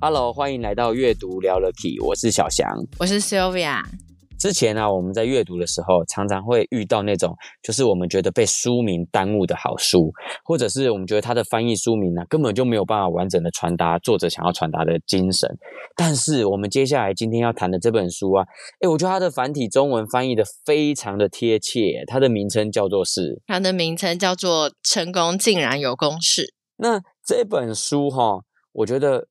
哈嘍，歡迎來到閱讀聊 Lucky，我是小翔，我是 Sylvia。之前呢、啊，我們在閱讀的時候，常常會遇到那種，就是我們覺得被書名耽誤的好書，或者是我們覺得它的翻譯書名呢、啊，根本就沒有辦法完整的傳達作者想要傳達的精神。但是，我們接下來今天要談的這本書啊，誒，我覺得它的繁體中文翻譯的非常的貼切，它的名稱叫做是，它的名稱叫做《成功竟然有公式》。那這本書哈、哦，我覺得。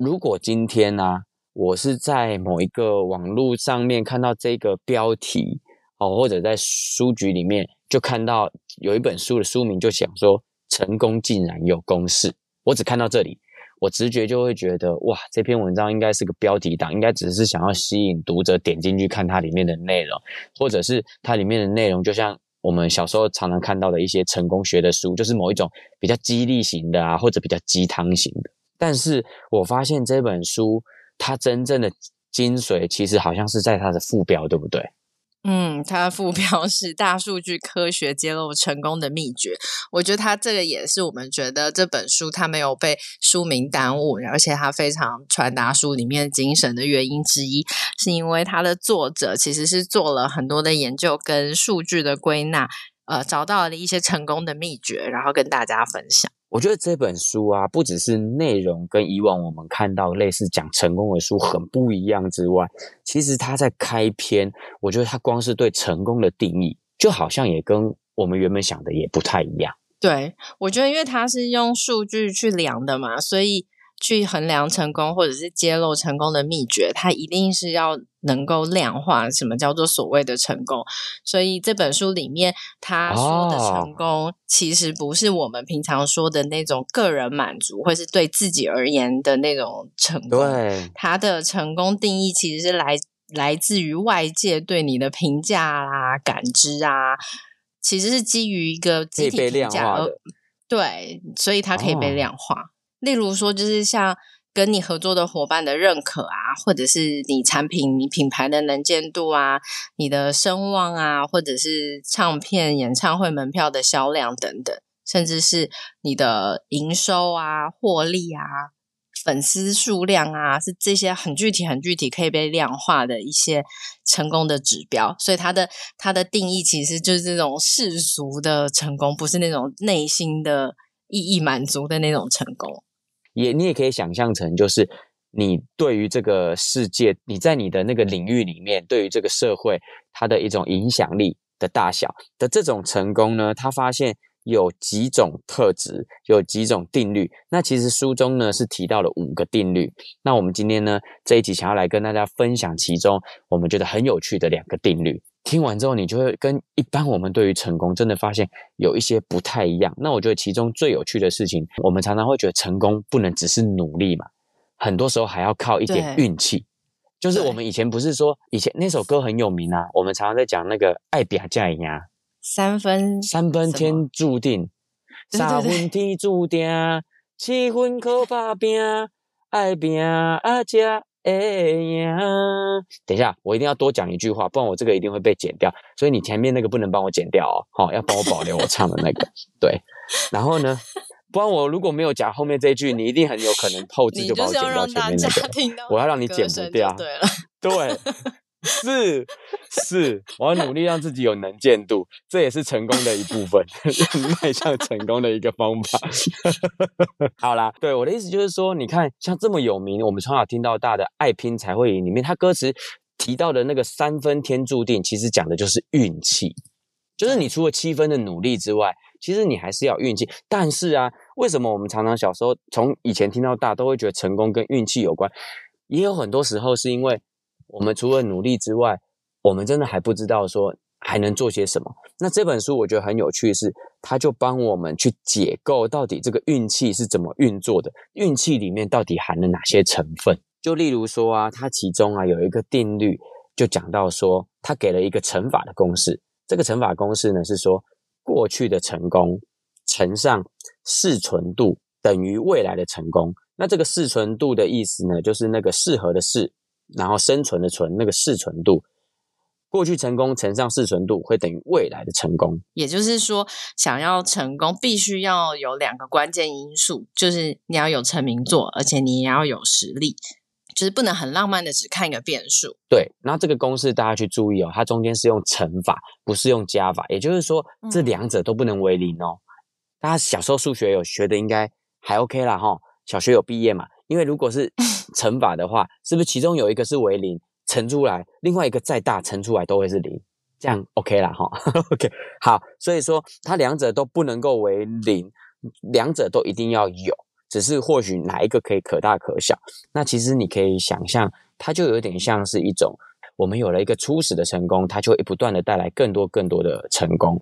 如果今天呢、啊，我是在某一個網絡上面看到這個標題，哦，或者在書局裡面就看到有一本書的書名，就想說成功竟然有公式。我只看到這裡，我直覺就會覺得，哇，這篇文章應該是個標題黨，應該只是想要吸引讀者點進去看它裡面的內容，或者是它裡面的內容，就像我們小時候常常看到的一些成功學的書，就是某一種比較激勵型的啊，或者比較雞湯型的。但是我發現這本書它真正的精髓，其實好像是在它的副標，對不對？嗯，它的副標是“大數據科學揭露成功的秘訣”。我覺得它這個也是我們覺得這本書它沒有被書名耽誤，而且它非常傳達書裡面精神的原因之一，是因為它的作者其實是做了很多的研究跟數據的歸納，呃，找到了一些成功的秘訣，然後跟大家分享。我覺得這本書啊，不只是內容跟以往我們看到類似講成功的書很不一樣之外，其實它在開篇，我覺得它光是對成功的定義，就好像也跟我們原本想的也不太一樣。對，我覺得因為它是用數據去量的嘛，所以。去衡量成功，或者是揭露成功的祕訣，它一定是要能夠量化什麼叫做所謂的成功。所以這本書裡面他說的成功，其實不是我們平常說的那種個人滿足，或是對自己而言的那種成功。對，它的成功定義其實是來來自於外界對你的評價啦、感知啊，其實是基於一個集體評價。可以被量化對，所以它可以被量化。Oh. 例如說，就是像跟你合作的夥伴的認可啊，或者是你產品、你品牌的能見度啊，你的聲望啊，或者是唱片、演唱會門票的銷量等等，甚至是你的營收啊、獲利啊、粉絲數量啊，是這些很具體、很具體可以被量化的一些成功的指標。所以，它的它的定義其實就是這種世俗的成功，不是那種內心的意義滿足的那種成功。也，你也可以想象成，就是你對於這個世界，你在你的那個領域裡面，對於這個社會，它的一種影響力的大小的這種成功呢，他發現有幾種特質，有幾種定律。那其實書中呢是提到了五個定律。那我們今天呢這一集想要來跟大家分享其中我們覺得很有趣的兩個定律。聽完之後，你就會跟一般我們對於成功真的發現有一些不太一樣。那我覺得其中最有趣的事情，我們常常會覺得成功不能只是努力嘛，很多時候還要靠一點運氣。對就是我們以前不是說，以前那首歌很有名啊，是我們常常在講那個愛拼才會贏。三分三分天注定，三分天注定，七分靠打拼，愛拼啊！才哎呀！等一下，我一定要多講一句話，不然我這個一定會被剪掉。所以你前面那個不能幫我剪掉哦，好、哦、要幫我保留我唱的那個。 對，然後呢，不然我如果沒有講後面這句，你一定很有可能後製就把我剪掉。前面那個。要我要讓你剪不掉，對，對。 是是，我要努力讓自己有能見度，這也是成功的一部分，邁 向成功的一個方法。 好啦，對，我的意思就是說，你看像這麼有名，我們從小聽到大的《愛拼才會贏》裡面，它歌詞提到的那個三分天注定，其實講的就是運氣，就是你除了七分的努力之外，其實你還是要有運氣。但是啊，為什麼我們常常小時候從以前聽到大都會覺得成功跟運氣有關？也有很多時候是因為。我們除了努力之外，我們真的還不知道說還能做些什麼。那這本書我覺得很有趣是，是它就幫我們去解構到底這個運氣是怎麼運作的，運氣裡面到底含了哪些成分。就例如說啊，它其中啊有一個定律，就講到說，它給了一個乘法的公式。這個乘法公式呢是說，過去的成功乘上適存度等於未來的成功。那這個適存度的意思呢，就是那個適合的適。然後生存的存，那個適存度，過去成功乘上適存度會等於未來的成功。也就是說，想要成功，必須要有兩個關鍵因素，就是你要有成名作，而且你也要有實力，就是不能很浪漫的只看一個變數。對，那這個公式大家去注意哦，它中間是用乘法，不是用加法，也就是說這兩者都不能為零哦。嗯。大家小時候數學有學的應該還 OK 啦，哦，哈，小學有畢業嘛。因為如果是乘法的話，是不是其中有一個是為零，乘出來，另外一個再大，乘出來都會是零，這樣 OK 啦哈，OK 好，所以說它兩者都不能夠為零，兩者都一定要有，只是或許哪一個可以可大可小。那其實你可以想象，它就有點像是一種，我們有了一個初始的成功，它就會不斷地帶來更多更多的成功，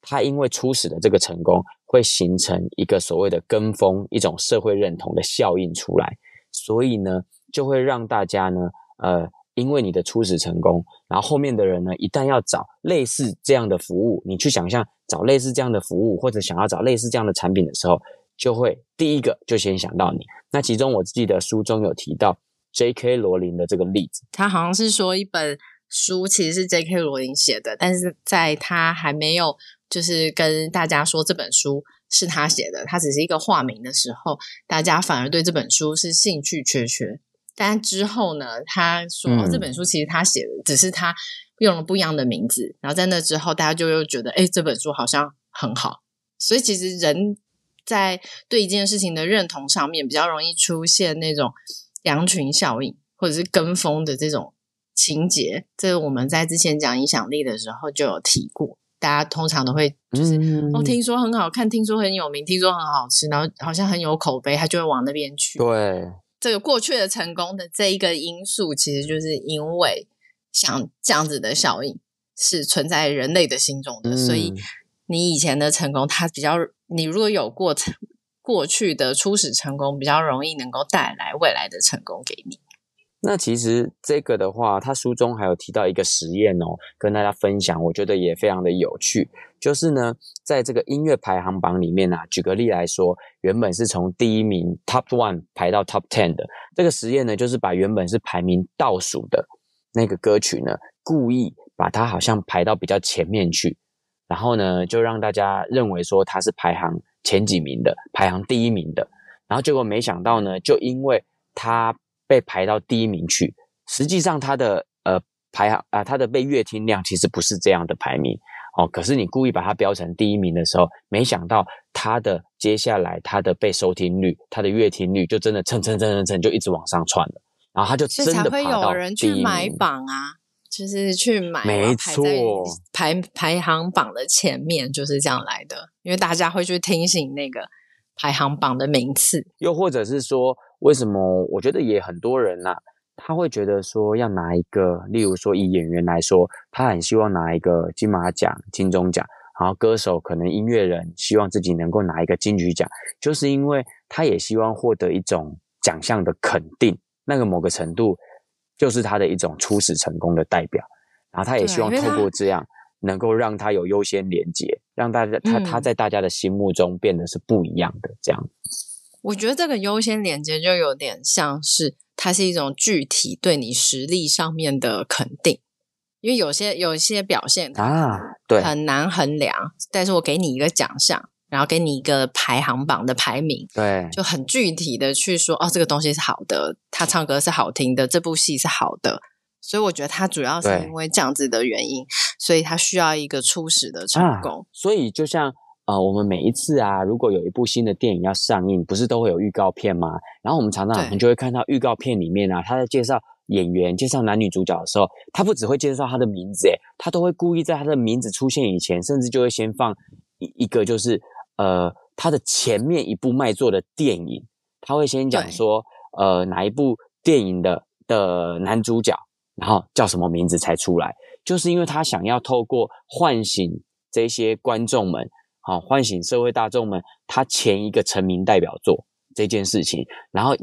它因為初始的這個成功。會形成一個所謂的跟風，一種社會認同的效應出來，所以呢，就會讓大家呢，呃，因為你的初始成功，然後後面的人呢，一旦要找類似這樣的服務，你去想象找類似這樣的服務，或者想要找類似這樣的產品的時候，就會第一個就先想到你。那其中我記得書中有提到 J.K. 羅琳的這個例子，他好像是說一本書其實是 J.K. 羅琳寫的，但是在他還沒有。就是跟大家說這本書是他寫的，他只是一個化名的時候，大家反而對這本書是興趣缺缺。但之後呢，他說這本書其實他寫的，只是他用了不一樣的名字。嗯、然後在那之後，大家就又覺得，哎，這本書好像很好。所以其實人在對一件事情的認同上面，比較容易出現那種羊群效應，或者是跟風的這種情節。這個、我們在之前講影響力的時候就有提過。大家通常都會就是，嗯、哦，聽說很好看，聽說很有名，聽說很好吃，然後好像很有口碑，他就會往那邊去。對，這個過去的成功的這一個因素，其實就是因為像這樣子的效應是存在人類的心中的，嗯、所以你以前的成功，它比較，你如果有過程，過去的初始成功，比較容易能夠帶來未來的成功給你。那其實這個的話，他書中還有提到一個實驗哦，跟大家分享，我覺得也非常的有趣。就是呢，在這個音樂排行榜裡面呢、啊，舉個例來說，原本是從第一名 Top One 排到 Top Ten 的這個實驗呢，就是把原本是排名倒數的那個歌曲呢，故意把它好像排到比較前面去，然後呢，就讓大家認為說它是排行前幾名的，排行第一名的。然後結果沒想到呢，就因為它。被排到第一名去，實際上它的呃排行，啊，它、呃、的被閱聽量其實不是這樣的排名哦。可是你故意把它標成第一名的時候，沒想到它的接下來它的被收聽率、它的閱聽率就真的蹭蹭蹭蹭蹭就一直往上竄，然後他就真的排到第一名，是會有人去買榜啊，就是去買，排在排沒錯，排排行榜的前面就是這樣來的，因為大家會去聽醒那個。排行榜的名次，又或者是說，為什麼我覺得也很多人吶、啊，他會覺得說，要拿一個，例如說以演員來說，他很希望拿一個金馬獎、金鐘獎，然後歌手可能音樂人希望自己能夠拿一個金曲獎，就是因為他也希望獲得一種獎項的肯定，那個某個程度就是他的一種初始成功的代表，然後他也希望透過這樣能夠讓他有優先連接。讓大家，他他在大家的心目中變得是不一樣的這樣、嗯。我覺得這個優先連接就有點像是，它是一種具體對你實力上面的肯定，因為有些有些表現啊，對，很難衡量。啊、但是我給你一個獎項，然後給你一個排行榜的排名，對，就很具體的去說，哦，這個東西是好的，他唱歌是好聽的，這部戲是好的。所以我覺得他主要是因為這樣子的原因，對所以他需要一個初始的成功。啊、所以就像啊、呃，我們每一次啊，如果有一部新的電影要上映，不是都會有預告片嗎？然後我們常常我們就會看到預告片裡面啊，他在介紹演員、對介紹男女主角的時候，他不只會介紹他的名字，誒，他都會故意在他的名字出現以前，甚至就會先放一一個就是呃他的前面一部賣座的電影，他會先講說對呃哪一部電影的的男主角。然後叫什麼名字才出來？就是因為他想要透過喚醒這些觀眾們，啊，喚醒社會大眾們，他前一個成名代表作這件事情，然後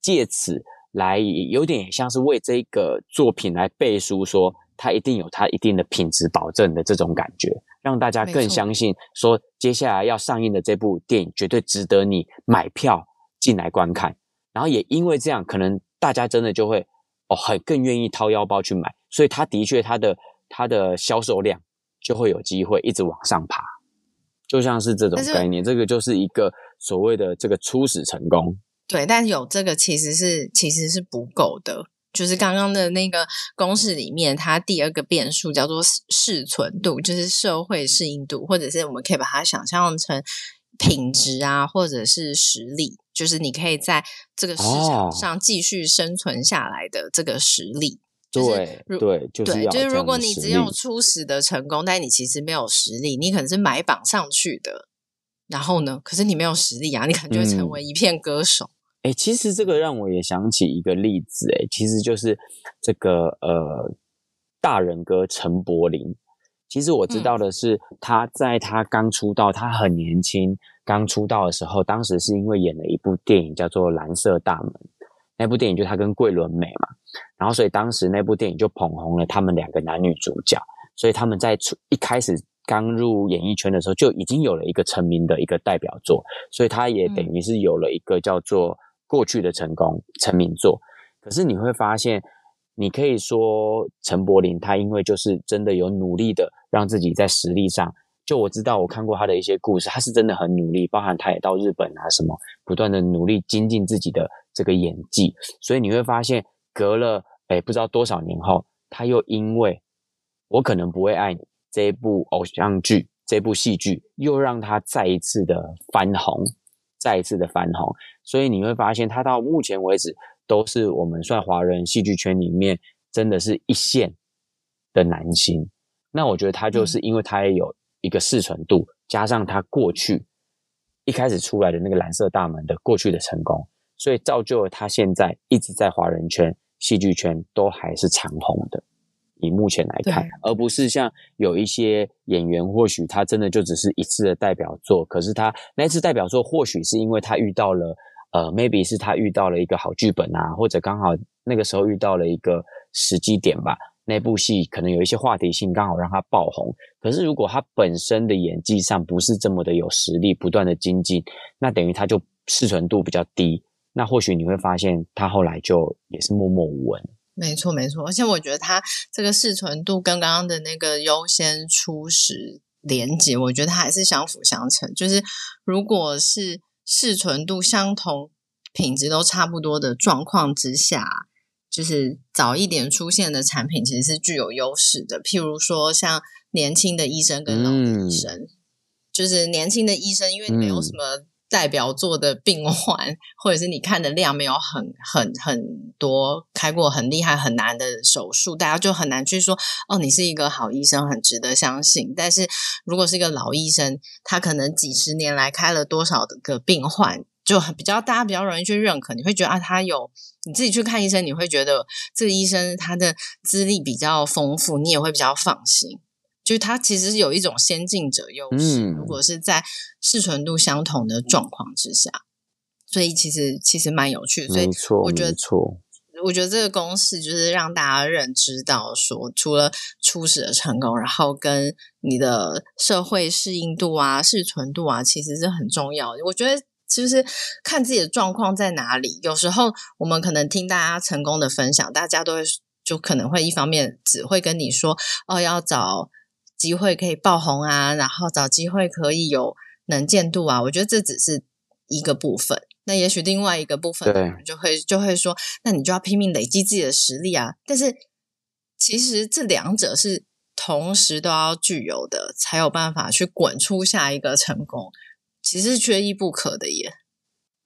借此來有點像是為這個作品來背書，說他一定有他一定的品質保證的這種感覺，讓大家更相信說接下來要上映的這部電影絕對值得你買票進來觀看。然後也因為這樣，可能大家真的就會。哦，還更願意掏腰包去買，所以他的確，他的他的銷售量就會有機會一直往上爬，就像是這種概念，是這個就是一個所謂的這個初始成功。對，但有這個其實是其實是不夠的，就是剛剛的那個公式裡面，它第二個變數叫做適存度，就是社會適應度，或者是我們可以把它想象成。品質啊，或者是實力，就是你可以在這個市場上繼續生存下來的這個實力。哦就是、對，如對，就是對，就是如果你只有初始的成功，但你其實沒有實力，你可能是買榜上去的。然後呢，可是你沒有實力啊，你可能就會成為一片歌手。哎、嗯欸，其實這個讓我也想起一個例子、欸，哎，其實就是這個呃，大仁哥陳柏霖。其實我知道的是，他在他剛出道，他很年輕，剛出道的時候，當時是因為演了一部電影叫做《藍色大門》，那部電影就他跟桂綸鎂嘛，然後所以當時那部電影就捧紅了他們兩個男女主角，所以他們在出一開始剛入演藝圈的時候，就已經有了一個成名的一個代表作，所以他也等於是有了一個叫做過去的成功成名作，可是你會發現。你可以說陳柏霖，他因為就是真的有努力的讓自己在實力上，就我知道，我看過他的一些故事，他是真的很努力，包含他也到日本啊什麼，不斷的努力精進自己的這個演技，所以你會發現，隔了誒、欸、不知道多少年後，他又因為《我可能不會愛你》這一部偶像劇、這部戲劇，又讓他再一次的翻紅，再一次的翻紅，所以你會發現，他到目前為止。都是我們算華人戲劇圈裡面真的是一線的男星，那我覺得他就是因為他也有一個適存度，加上他過去一開始出來的那個藍色大門的過去的成功，所以造就了他現在一直在華人圈、戲劇圈都還是長紅的。以目前來看，對而不是像有一些演員，或許他真的就只是一次的代表作，可是他那次代表作或許是因為他遇到了。呃，maybe 是他遇到了一個好劇本啊，或者剛好那個時候遇到了一個時機點吧。那部戲可能有一些話題性，剛好讓他爆紅。可是如果他本身的演技上不是這麼的有實力，不斷的精進，那等於他就適存度比較低。那或許你會發現他後來就也是默默無聞。沒錯，沒錯。而且我覺得他這個適存度跟剛剛的那個優先初始連接，我覺得他還是相輔相成。就是如果是。適存度相同，品質都差不多的狀況之下，就是早一點出現的產品其實是具有優勢的。譬如說，像年輕的醫生跟老的醫生，嗯、就是年輕的醫生因為你沒有什麼。代表作的病患，或者是你看的量沒有很很很多，開過很厲害很難的手術，大家就很難去說哦，你是一個好醫生，很值得相信。但是如果是一個老醫生，他可能幾十年來開了多少的個病患，就很比較大家比較容易去認可。你會覺得啊，他有你自己去看醫生，你會覺得這個醫生他的資歷比較豐富，你也會比較放心。就是它其實有一種先進者優勢，嗯，如果是在適存度相同的狀況之下，所以其實其實蠻有趣。沒錯，所以我覺得沒錯。我覺得這個公式就是讓大家認知到，說除了初始的成功，然後跟你的社會適應度啊、適存度啊，其實是很重要的。我覺得其實看自己的狀況在哪裡，有時候我們可能聽大家成功的分享，大家都會就可能會一方面只會跟你說哦，要找。機會可以爆紅啊，然後找機會可以有能見度啊，我覺得這只是一個部分。那也許另外一個部分我們就，就會對就會說，那你就要拼命累積自己的實力啊。但是其實這兩者是同時都要具有的，才有辦法去滾出下一個成功，其實缺一不可的耶。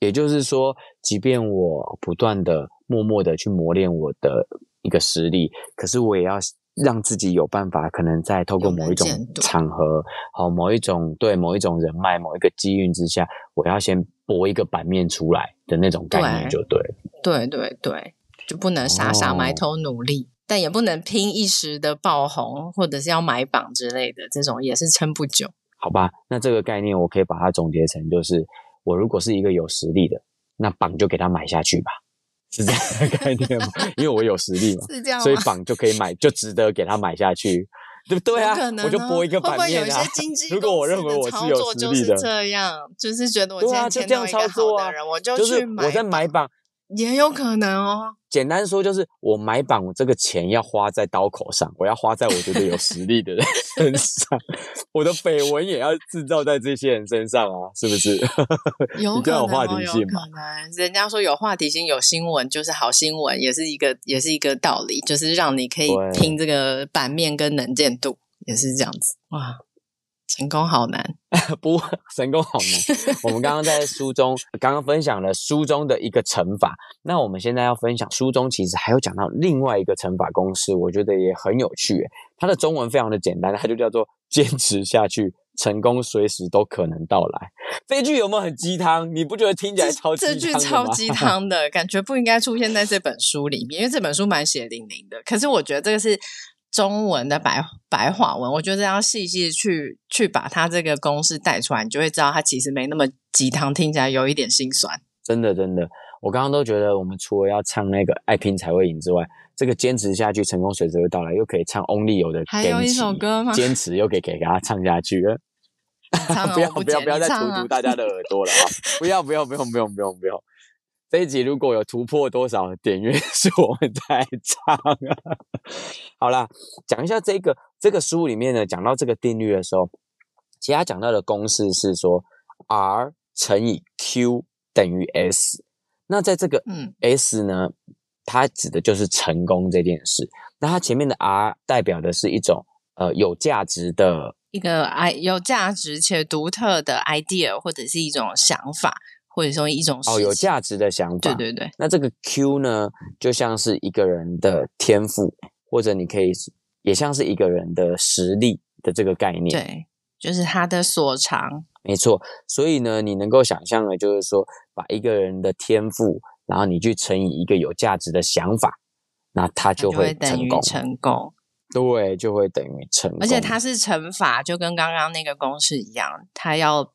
也就是說，即便我不斷的默默的去磨練我的一個實力，可是我也要。讓自己有辦法，可能在透過某一種場合、好某一種對某一種人脈、某一個機運之下，我要先搏一個版面出來的那種概念，就對，對對對，對，就不能傻傻埋頭努力，哦、但也不能拼一時的爆紅，或者是要買榜之類的，這種也是撐不久。好吧，那這個概念我可以把它總結成，就是我如果是一個有實力的，那榜就給它買下去吧。是這樣的概念嗎？因為我有實力嘛， 是這樣，所以榜就可以買，就值得給他買下去，對不對啊？可能、啊，會一個版面啊，如果我認為我是有實力的，這樣就是覺得我今天錢用一個好的人，我就去買榜，買榜也有可能哦。簡單說就是，我買榜，這個錢要花在刀口上，我要花在我覺得有實力的人。 很傻，我的緋聞也要制造在這些人身上啊，是不是？比 較有話題性嘛。有可能哦、有可能。人家說有話題性，有新聞就是好新聞，也是一個也是一個道理，就是讓你可以聽這個版面跟能見度對也是這樣子哇。成功好難， 不成功好難。 我們剛剛在書中剛剛分享了書中的一個乘法，那我們現在要分享書中其實還有講到另外一個乘法公式，我覺得也很有趣。它的中文非常的簡單，它就叫做堅持下去，成功隨時都可能到來。這句有沒有很雞湯？你不覺得聽起來超雞湯？這這句超雞湯的感覺不應該出現在這本書裡面，因為這本書蠻血淋淋的。可是我覺得這個是。中文的白白話文，我覺得要細細去去把它這個公式帶出來，你就會知道它其實沒那麼雞湯，聽起來有一點心酸。真的真的，我剛剛都覺得，我們除了要唱那個愛拼才會贏之外，這個堅持下去，成功隨時會到來，又可以唱翁立友的還有一首歌嗎？堅持又可以，可以給他唱下去。不要不要不要再荼毒大家的耳朵了啊！ 不要不要不要不要不要不要。不要不要這一集如果有突破多少點閱是我們再唱了。 好啦，講一下這一個這個書裡面呢，講到這個定律的時候，其實他講到的公式是說，R 乘以 Q 等於 S。那在這個嗯 S 呢， 嗯、 它指的就是成功這件事。那它前面的 R 代表的是一種呃有價值的，一個 i 有價值且獨特的 idea 或者是一種想法。或者說一種哦，有價值的想法。對對對，那這個 Q 呢，就像是一個人的天賦，嗯、或者你可以也像是一個人的實力的這個概念。對，就是他的所長。沒錯，所以呢，你能夠想象的，就是說，把一個人的天賦，然後你去乘以一個有價值的想法，那他就會成功，他就會等於成功。對，就會等於成功。而且他是乘法，就跟剛剛那個公式一樣，他要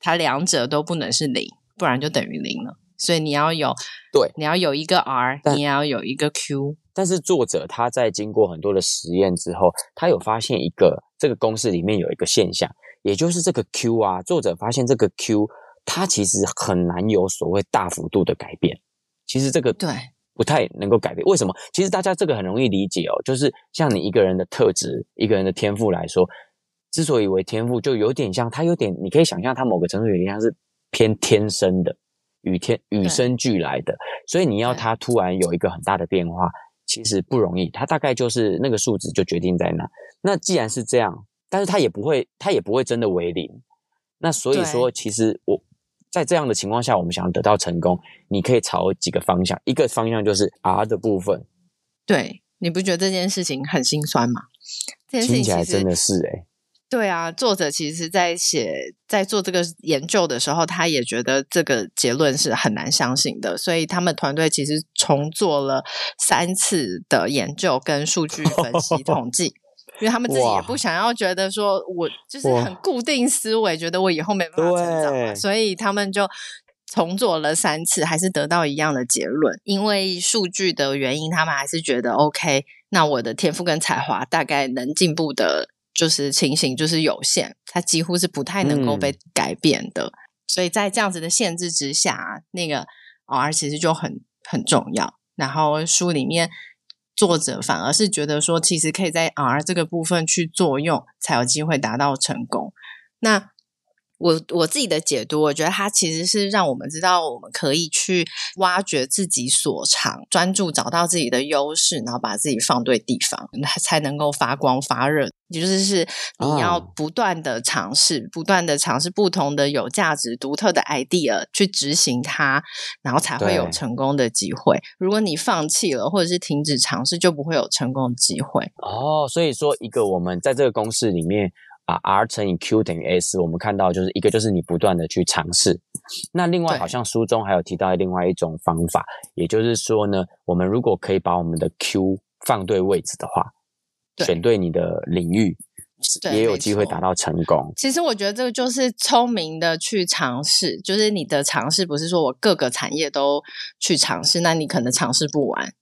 他兩者都不能是零。不然就等於零了，所以你要有對，你要有一個 R，但你也要有一個 Q。但是作者他在經過很多的實驗之後，他有發現一個這個公式裡面有一個現象，也就是這個 Q 啊，作者發現這個 Q，它其實很難有所謂大幅度的改變。其實這個對不太能夠改變，對為什麼？其實大家這個很容易理解哦，就是像你一個人的特質、一個人的天賦來說，之所以為天賦，就有點像他有點，你可以想象他某個程度，有點像是。偏天生的，與天與生俱來的，對所以你要它突然有一個很大的變化，對其實不容易。它大概就是那個數值就決定在哪。那既然是這樣，但是它也不會，它也不會真的為零。那所以說，其實我在這樣的情況下，我們想要得到成功，對你可以朝幾個方向。一個方向就是 R 的部分。對，你不覺得這件事情很心酸嗎？聽起來真的是誒、欸。對啊，作者其實在寫、在做這個研究的時候，他也覺得這個結論是很難相信的，所以他們團隊其實重做了三次的研究跟數據分析統計， 因為他們自己也不想要覺得說哇我就是很固定思維，哇覺得我以後沒辦法成長、啊、對所以他們就重做了三次，還是得到一樣的結論。因為數據的原因，他們還是覺得 OK，那我的天賦跟才華大概能進步的。就是情形就是有限，它幾乎是不太能夠被改變的。嗯。所以在這樣子的限制之下，那個 r 其實就很很重要。然後書裡面作者反而是覺得說，其實可以在 r 這個部分去作用，才有機會達到成功。那我我自己的解讀，我覺得它其實是讓我們知道，我們可以去挖掘自己所長，專注找到自己的優勢，然後把自己放對地方，才能夠發光發熱。也就是、是你要不斷的嘗試，oh. 不斷的嘗試不同的有價值、獨特的 idea 去執行它，然後才會有成功的機會。對如果你放棄了，或者是停止嘗試，就不會有成功的機會。哦，oh, 所以說，一個我們在這個公式裡面。啊，R 乘以 Q 等於 S，我們看到就是一個就是你不斷的去嘗試。那另外好像書中還有提到的另外一種方法，對也就是說呢，我們如果可以把我們的 Q 放對位置的話，對選對你的領域，對也有機會達到成功。其實我覺得這個就是聰明的去嘗試，就是你的嘗試不是說我各個產業都去嘗試，那你可能嘗試不完。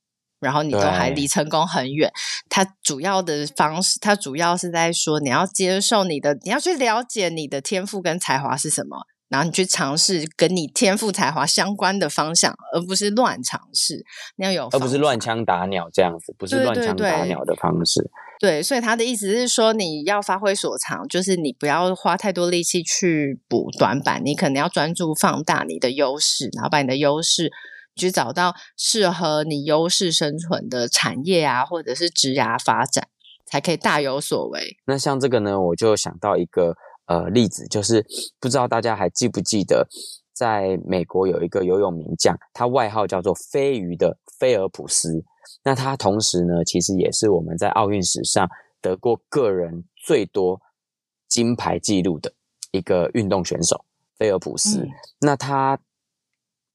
然後你都還離成功很遠。他對主要的方式，他主要是在說，你要接受你的，你要去了解你的天賦跟才華是什麼，然後你去嘗試跟你天賦才華相關的方向，而不是亂嘗試。你要有方向，而不是亂槍打鳥這樣子，不是亂槍打鳥的方式。對，對，對，對，所以他的意思是說，你要發揮所長，就是你不要花太多力氣去補短板，你可能要專注放大你的優勢，然後把你的優勢。去找到適合你優勢生存的產業啊，或者是職涯發展，才可以大有所為。那像這個呢，我就想到一個呃例子，就是不知道大家還記不記得，在美國有一個游泳名將，他外號叫做“飛魚”的菲爾普斯。那他同時呢，其實也是我們在奧運史上得過個人最多金牌記錄的一個運動選手——菲爾普斯。嗯、那他。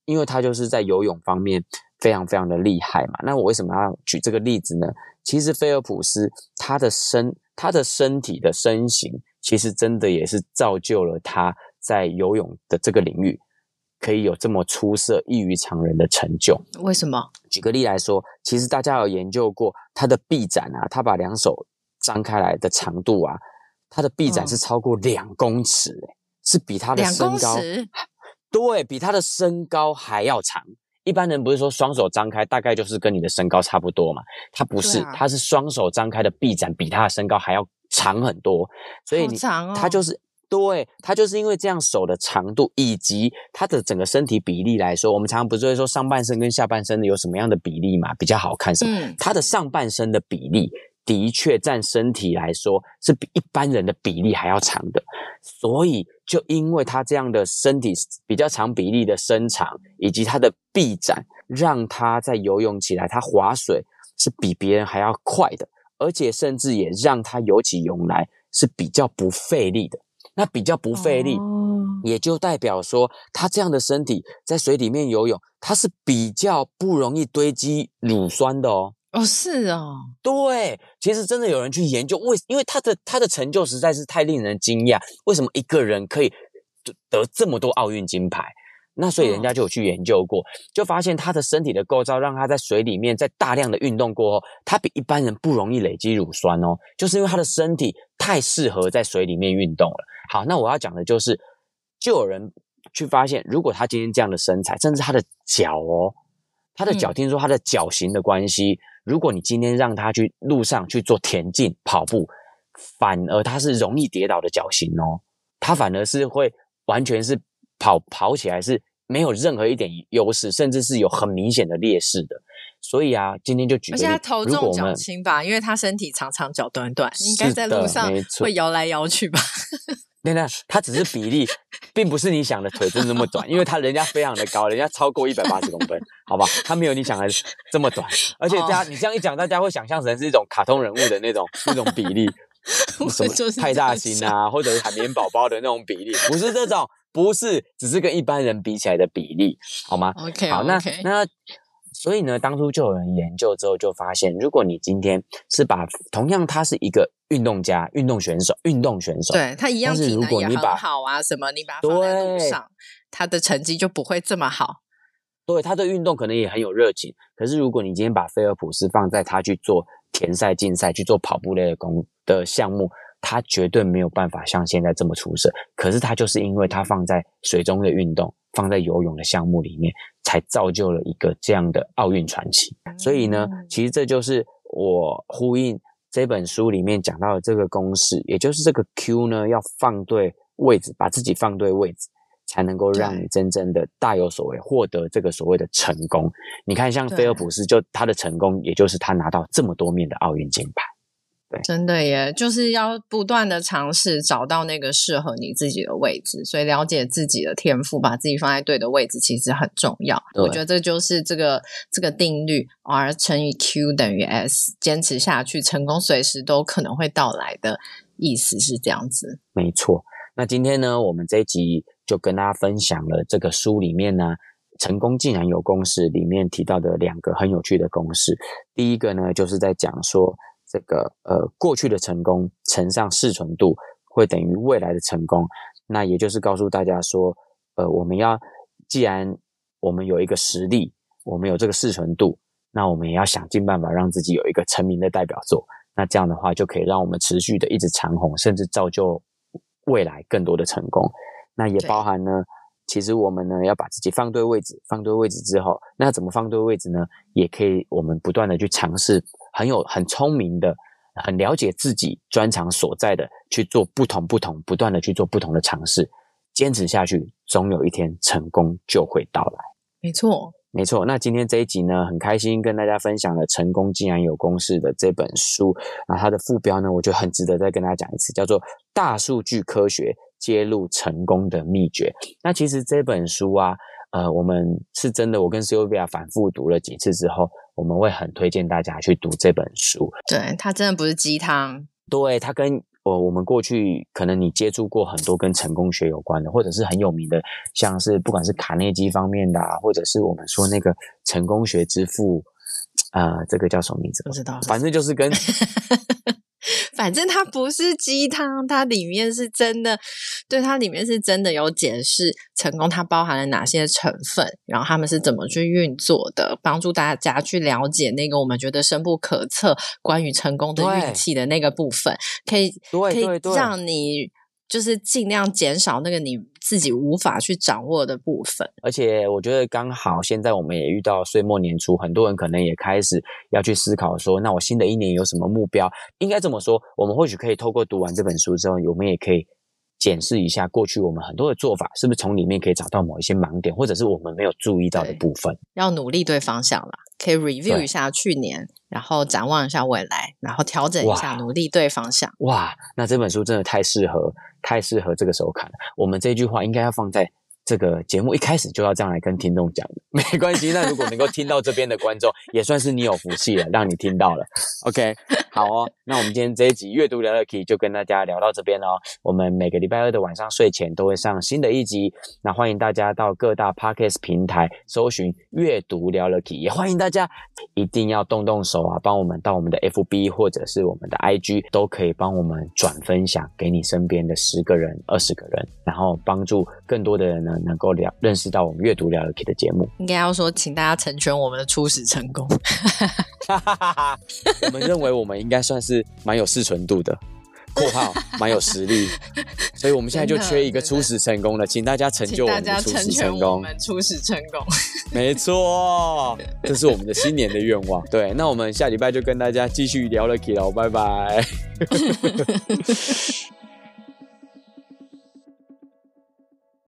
因為他就是在游泳方面非常非常的厲害嘛。那我為什麼要舉這個例子呢？其實菲爾普斯他的身，他的身體的身形，其實真的也是造就了他在游泳的這個領域可以有這麼出色、異於常人的成就。為什麼？舉個例來說，其實大家有研究過他的臂展啊，他把兩手張開來的長度啊，他的臂展是超過兩公尺，欸，哦，是比他的身高。對，比他的身高還要長。一般人不是說雙手張開，大概就是跟你的身高差不多嘛？他不是，啊、他是雙手張開的臂展比他的身高還要長很多，所以你長、哦、他就是對，他就是因為這樣手的長度以及他的整個身體比例來說，我們常常不是會說上半身跟下半身的有什麼樣的比例嘛？比較好看什麼？嗯、他的上半身的比例的確占身體來說是比一般人的比例還要長的，所以。就因為他這樣的身體比較長比例的身長，以及他的臂展，讓他在游泳起來，他划水是比別人還要快的，而且甚至也讓他游起泳來是比較不費力的。那比較不費力，也就代表說他這樣的身體在水裡面游泳，它是比較不容易堆積乳酸的哦。哦，是哦，對，其實真的有人去研究為，因為他的他的成就實在是太令人驚訝，為什麼一個人可以得，得這麼多奧運金牌？那所以人家就有去研究過，哦、就發現他的身體的構造，讓他在水裡面在大量的運動過後，他比一般人不容易累積乳酸哦，就是因為他的身體太適合在水裡面運動了。好，那我要講的就是，就有人去發現，如果他今天這樣的身材，甚至他的腳哦，他的腳，嗯、聽說他的腳型的關係。如果你今天讓他去路上去做田徑跑步，反而他是容易跌倒的腳型哦，他反而是會完全是跑跑起來是沒有任何一點優勢，甚至是有很明顯的劣勢的。所以啊，今天就舉，而且他頭重腳輕吧，因為他身體長長腳短短，的應該在路上會搖來搖去吧。錯 對，他只是比例，並不是你想的腿真的那麼短，因為他人家非常的高，人家超過一百八十公分，好吧？他沒有你想的這麼短，而且大家、oh. 你這樣一講，大家會想象成是一種卡通人物的那種那種比例， 就是什麼派大星啊，或者是海綿寶寶的那種比例，不是這種，不是，只是跟一般人比起來的比例，好嗎？OK，好那那。okay. 那所以呢，當初就有人研究之後，就發現，如果你今天是把同樣他是一個運動家、運動選手、運動選手，對他一樣、啊、是如果你把，好啊，什麼你把他，放在路上，對他的成績就不會這麼好。對，他對運動可能也很有熱情，可是如果你今天把菲爾普斯放在他去做田賽、徑賽、去做跑步類的工的項目，他絕對沒有辦法像現在這麼出色。可是他就是因為他放在水中的運動。放在游泳的項目裡面，才造就了一個這樣的奧運傳奇。嗯。所以呢，其實這就是我呼應這本書裡面講到的這個公式，也就是這個 Q 呢，要放對位置，把自己放對位置，才能夠讓你真正的大有所為，獲得這個所謂的成功。對你看，像菲爾普斯就他的成功，也就是他拿到這麼多面的奧運金牌。對真的耶，就是要不斷的嘗試，找到那個適合你自己的位置。所以了解自己的天賦，把自己放在對的位置，其實很重要。對我覺得這就是這個這個定律，R 乘以 Q 等於 S，堅持下去，成功隨時都可能會到來的意思是這樣子。沒錯。那今天呢，我們這一集就跟大家分享了這個書裡面呢，《成功竟然有公式》裡面提到的兩個很有趣的公式。第一個呢，就是在講說。這個呃，過去的成功乘上適存度，會等於未來的成功。那也就是告訴大家說，呃，我們要既然我們有一個實力，我們有這個適存度，那我們也要想盡辦法讓自己有一個成名的代表作。那這樣的話，就可以讓我們持續的一直長紅，甚至造就未來更多的成功。那也包含呢，對其實我們呢要把自己放對位置，放對位置之後，那怎麼放對位置呢？也可以我們不斷的去嘗試。很有很聰明的，很了解自己專長所在的，去做不同不同，不斷的去做不同的嘗試，堅持下去，總有一天成功就會到來。沒錯，沒錯。那今天這一集呢，很開心跟大家分享了《成功竟然有公式》的這本書，那它的副標呢，我覺得很值得再跟大家講一次，叫做《大數據科學揭露成功的秘訣》。那其實這本書啊，呃，我們是真的，我跟 Cobia 反覆讀了幾次之後。我們會很推薦大家去讀這本書，對，它真的不是雞湯。對，它跟我、呃、我們過去可能你接觸過很多跟成功學有關的，或者是很有名的，像是不管是卡內基方面的、啊，或者是我們說那個成功學之父，啊、呃，這個叫什麼名字？我不知道，反正就是跟。 反正它不是雞湯，它裡面是真的，對它裡面是真的有解釋成功，它包含了哪些成分，然後他們是怎麼去運作的，幫助大家去了解那個我們覺得深不可測關於成功的運氣的那個部分，對可以可以讓你就是盡量減少那個你。自己無法去掌握的部分，而且我覺得剛好現在我們也遇到歲末年初，很多人可能也開始要去思考說，那我新的一年有什麼目標？應該這麼說，我們或許可以透過讀完這本書之後，我們也可以。檢視一下過去我們很多的做法，是不是從裡面可以找到某一些盲點，或者是我們沒有注意到的部分？要努力對方向了，可以 review 一下去年，對然後展望一下未來，然後調整一下，努力對方向哇。哇，那這本書真的太適合，太適合這個時候看了。我們這句話應該要放在這個節目一開始就要這樣來跟聽眾講。嗯，沒關係，那如果能夠聽到這邊的觀眾， 也算是你有福氣了，讓你聽到了。OK。 好哦，那我們今天這一集閱讀聊樂 key 就跟大家聊到這邊哦。我們每個禮拜二的晚上睡前都會上新的一集，那歡迎大家到各大 Podcast 平台搜尋閱讀聊樂 key。也歡迎大家一定要動動手啊，幫我們到我們的 FB 或者是我們的 IG 都可以幫我們轉分享給你身邊的十個人、二十個人，然後幫助更多的人呢能夠聊認識到我們閱讀聊樂 key 的節目。應該要說，請大家成全我們的初始成功。哈哈哈哈哈哈！我們認為我們。應該算是蠻有適存度的。括號蠻有實力， 所以我們現在就缺一個初始成功了，真的，真的，請大家成就我們初始成功。成初始成功沒錯，這是我們的新年的願望。 對，那我們下禮拜就跟大家繼續聊了，拜拜。